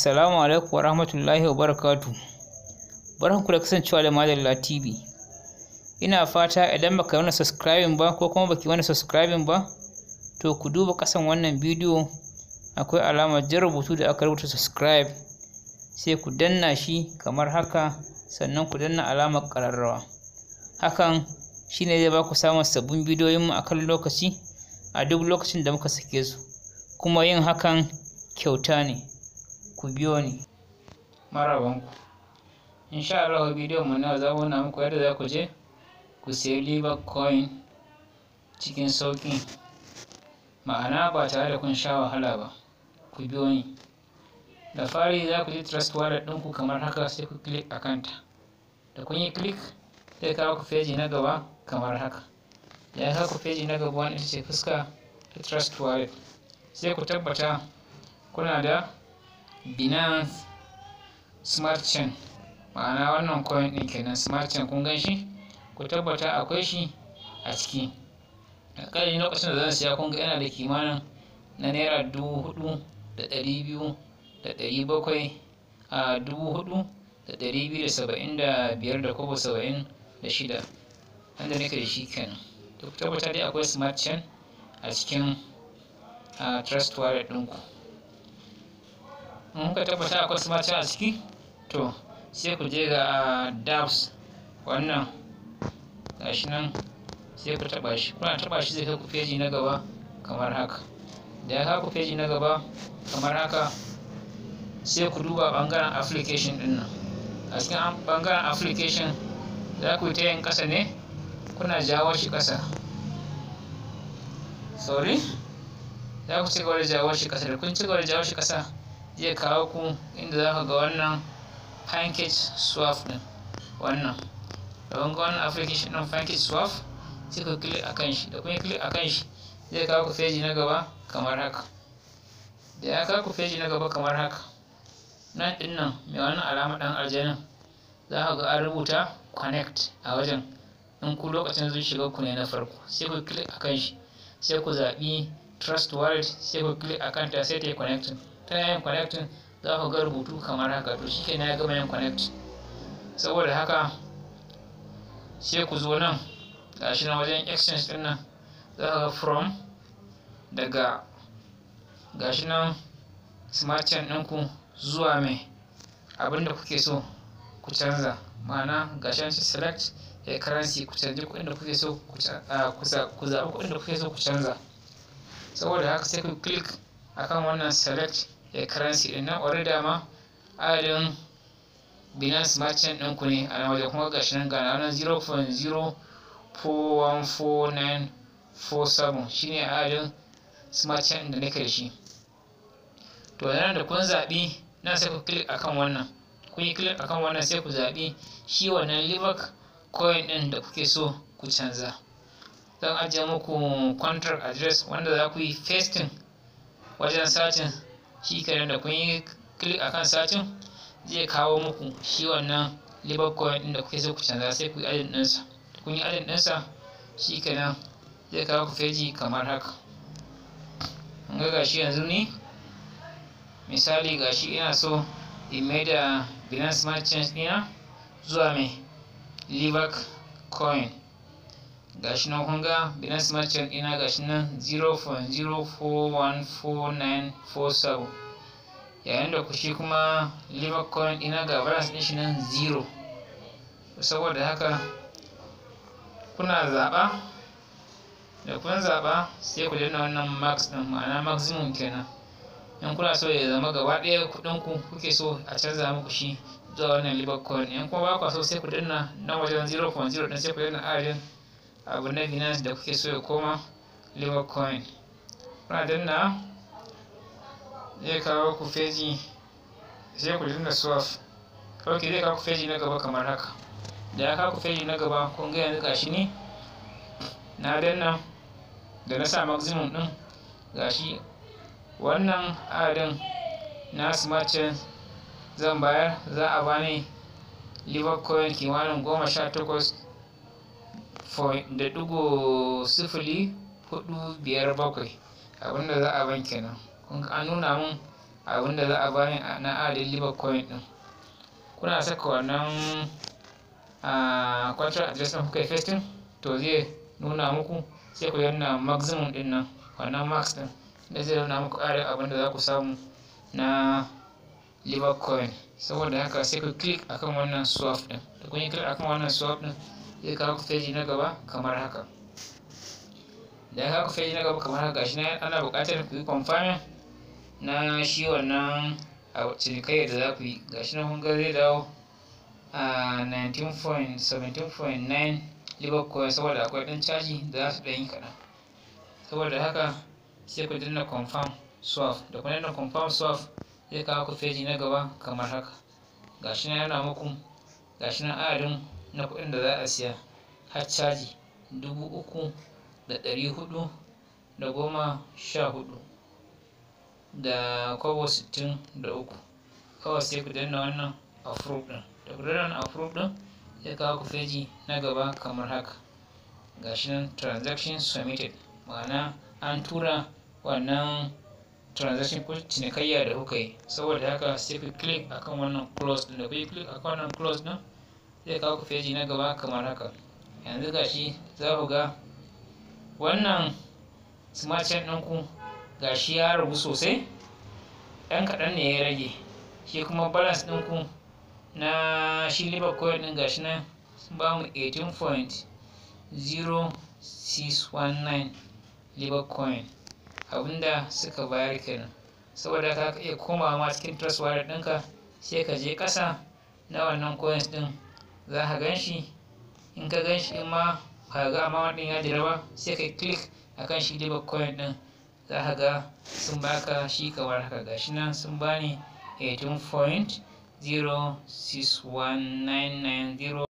Assalamu alaikum wa rahmatullahi wa barakatu. Barkanku da kasancewa da Madalla TV. Ina fata idan baka wani subscribing ba ko kuma baki wani subscribing ba, to ku duba kasan wannan bidiyo akwai alama jan rubutu da aka rubuta subscribe sai ku danna shi kamar haka sannan ku danna alamar ƙararrawa. Hakan shi ne zai baku samun sabbin bidiyoyinmu a kan lokaci a duk lokacin da muka sake su. Kuma yin hakan kyauta ne. ku biyo ni marabanku insha Allah bidiyon mu na za mu nuna muku yadda za ku je ku sayi liver coin cikin sauƙi ma'ana ba tare da kun sha wahala ba ku biyo ni da fari za ku yi trust wallet ɗinku kamar haka sai ku click a da kun yi click zai kawo ku feji na gaba kamar haka da ya ku feji na gaba wani ita ce fuska ta trust wallet sai ku tabbata kuna da binance smart chain ma'ana wannan coin din kenan smart chain kun gan shi ku tabbata akwai shi a ciki akali lokacin da zan siya kun ga yana da kimanin na naira dubu hudu da ɗari biyu da ɗari bakwai a dubu hudu da ɗari biyu da saba'in da biyar da kobo saba'in da shida wanda nake da shi kenan to ku tabbata dai akwai smart chain a cikin trust wallet ɗinku muka tabbata akwai smartphone a ciki to sai ku je ga dabs wannan gashi nan sai ku taba shi kuna taba shi zai kai ku feji na gaba kamar haka da ya ku feji na gaba kamar haka sai ku duba bangaren application din nan a cikin bangaren application za ku yi ta yin ƙasa ne kuna jawo shi ƙasa sorry za ku ci gaba da jawo shi ƙasa da kun ci gaba da jawo shi ƙasa zai kawo ku inda za ka ga wannan pancake swap din wannan don ga wannan application din pancake swap sai ku click kan shi da kun click kan shi zai kawo ku feji na gaba kamar haka da ya kawo ku feji na gaba kamar haka nan din nan mai wannan alama dan aljanin za ka ga an rubuta connect a wajen in ku lokacin zai shiga ku ne na farko sai ku click kan shi sai ku zaɓi trust wallet sai ku click akan ta sai ta yi connecting ta yin connecting za ku ga rubutu kamar haka to shi ya gama yin connect saboda haka sai ku zo nan shi na wajen exchange din nan za ka ga from daga shi nan smart chain ɗinku zuwa mai abinda kuke so ku canza ma'ana gashi nan select a currency ku canji kuɗin da kuke so ku zaɓi kuɗin da kuke so ku canza saboda haka sai ku click akan wannan select Eh, currency din nan already dama adadin Binance merchant din ku ne a nan waje kuma gashi nan ga nan 0.04144947 shine adadin smart chain da nake da shi to nan da kun zaɓi nan sai ku click akan wannan kun yi click akan wannan sai ku zaɓi shi wannan livac coin din da kuke so ku canza zan ajiye muku contract address wanda za ku yi pasting wajen satin shi kenan da kun yi click akan satin zai kawo muku shi wannan liver coin din da kuke so ku canza sai ku yi adin ɗinsa kun yi adin ɗinsa shi kenan zai kawo ku feji kamar haka kun ga gashi yanzu ni misali gashi ina so in mai da binance smart change ɗina zuwa mai liver coin gashi nan kun ga binance merchant ina gashi nan 0.041497 yayin da kushi kuma livercoin ina ga balance din shi nan 0 saboda haka kuna zaba da kun zaba sai ku danna wannan max din ma'ana maximum kenan in kuna so ya zama gaba ɗaya kuɗin ku kuke so a canza muku shi zuwa wannan livercoin in kuma ba ku so sai ku danna nan wajen 0.0 din sai ku danna adadin a gundar binance da kuke so ya koma liver coin kuna danna zai kawo ku feji sai ku dinga swaf ok zai kawo ku feji na gaba kamar haka da ya kawo ku feji na gaba kun ga yanzu gashi ne na danna da na sa maximum din gashi wannan adin na smart chain zan bayar za a bani liver coin kimanin goma sha takwas da ɗigo sifili hudu biyar bakwai abinda za a ban kenan kun an nuna mun abinda za a bani na adadin liver coin ɗin kuna saka wannan a contract address ɗin kuka yi festin to zai nuna muku sai ku yanna maximum ɗin nan wannan max din, da zai nuna muku ƙarin abinda za ku samu na liver coin saboda haka sai ku click akan wannan swap din, da kun yi click akan wannan swap din? zai kawo ku feji na gaba kamar haka da ya kawo feji na gaba kamar haka shi na ana bukatar ku yi kwamfamin na shi wannan a cinikayyar da za ku yi ga shi na hungar zai dawo a 19.17.9 liverpool saboda akwai dan caji da za su ɗan yi kaɗan saboda haka sai ku danna kwamfam swaf da kuma danna kwamfam swaf zai kawo ku feji na gaba kamar haka ga shi na yana muku shi na adadin na kuɗin da za a siya har caji dubu uku da ɗari hudu da goma sha hudu da kobo sittin da uku kawai sai ku danna wannan approve ɗin da ku danna ya ɗin zai kawo ku feji na gaba kamar haka gashi nan transaction submitted ma'ana an tura wannan transaction ko cinikayya da kuka yi saboda haka sai ku click akan wannan close ɗin da ku yi click akan wannan close ɗin zai kawo ku feji na gaba kamar haka yanzu gashi za ku ga wannan smart chain ɗinku gashi ya ragu sosai ɗan kaɗan ne ya rage shi kuma balance ɗinku na shi liver coil ɗin gashi nan sun ba mu 18.0619 liver coin abinda suka bayar kenan saboda ka iya komawa ma cikin trust wallet ɗinka sai ka je ƙasa na wannan coins ɗin za ka gan shi in ka gan shi ma ba ga amma ɗin ya jira ba sai ka click akan shi dai coin ɗin za ka ga sun baka shi kamar haka ga shi nan sun bani 18.061990